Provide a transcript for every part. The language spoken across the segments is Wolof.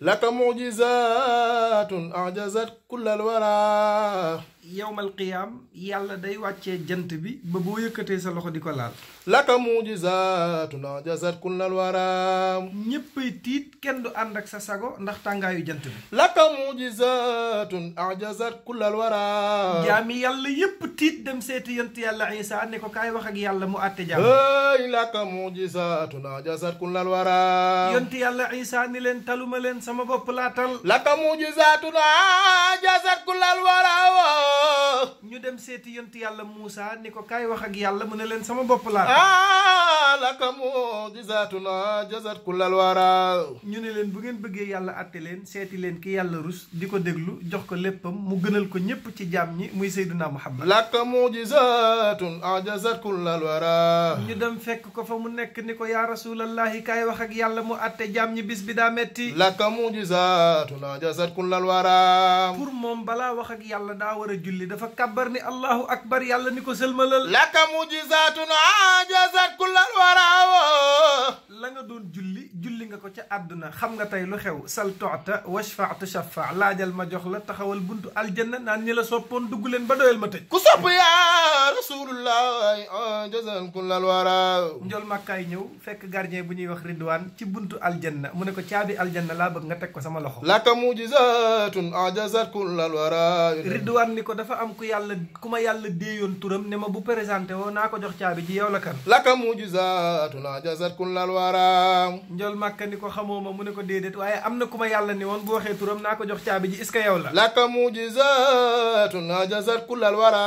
لك معجزات أعجزت كل الورى yowmal qiyaam yàlla day wàccee jant bi ba boo yëkkatee sa loxo di ko laal laka mujizaatuna jasat kullal waraam ñéppay tiit kenn du ànd ak sa sago ndax tàngaayu jant bi laka mujizaatun ajasat kullal waraam jaami yàlla yépp tiit dem seeti yant yàlla isa ne ko kaay wax ak yàlla mu àtte jaam ay laka mujizaatuna jasat kullal waraam yant yàlla isa ni leen taluma leen sama bopp ñu dem seeti yontu yàlla Moussa ni ko kaay wax ak yàlla mu ne leen sama bopp laa ah, laka mu'jizatuna jazat kullal wara ñu ne leen bu ngeen bëggee yàlla àtte leen seeti leen ki yàlla rus di ko déglu jox ko léppam mu gënal ko ñépp ci jaam ñi muy Seydina Muhammad laka mu'jizatun ajazat kullal wara ñu dem fekk ko fa mu nekk ni ko yaa rasulallahi kay wax ak yàlla mu àtte jaam ñi bis bi daa metti laka mu'jizatun ajazat kullal wara pour moom balaa wax ak yàlla daa war a julli dafa kàbbar ni allahu akbar yàlla ni ko sëlmalal laka mujizaatun ko ca àdduna xam nga tey lu xew sal toxta washfaatu shafa laajal ma jox la taxawal buntu aljanna naan ñi la soppoon dugg leen ba doyal ma tëj ku sopp yaa rasulullah jazal kun lal wara njol ñëw fekk gardien bu ñuy wax ridwaan ci buntu aljanna mu ne ko caabi aljanna laa bëgg nga ko sama loxo laka mujizatun ajazat kun lal wara ridwaan ni ko dafa am ku yàlla ku ma yàlla déeyoon turam ne ma bu présenté woo naa ko jox caabi ji ni ko xamoo ma mu ne ko déedéet waaye am na ku ma yàlla ni woon bu waxee turam naa ko jox caabi ji est-ce que yow la laka mujizatun ajazat kullal wara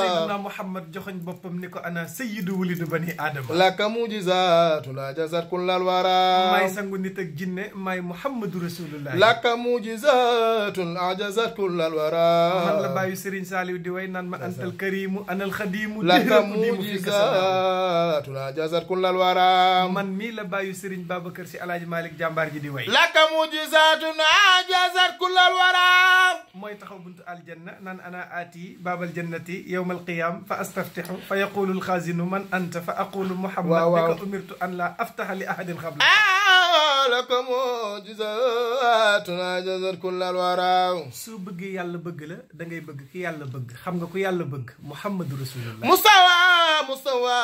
sayyiduna muhammad joxoñ boppam ni ko ana sayyidu wulidu bani aadama laka mujizatun ajazat kullal wara maay sangu nit ak jinne maay muhammadu rasulullah laka mujizatun ajazat kullal wara man la bàyyu sëriñ saaliw di way naan ma antal karimu anal xadimu laka mujizatun ajazat kullal wara man mii la bàyyu sëriñ babacar si alaaji مالك جامبار جي دي واي لك معجزات اجزر كل الورى موي تخاو بنت الجنه نان انا اتي باب الجنه يوم القيام فاستفتح فيقول الخازن من انت فاقول محمد لك امرت ان لا افتح لاحد قبلك لك معجزات اجزر كل الورى سو بغي يالا بغ لا دا ngay بغ كي يالا بغ خمغا كو يالا بغ محمد رسول الله مصطفى مصطفى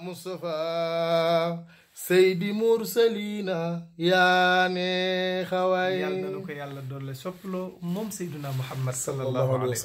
مصطفى سيدي مرسلين يا نخوي يالنا نوكا يالنا دولة شوفلو موم سيدنا محمد صلى الله عليه وسلم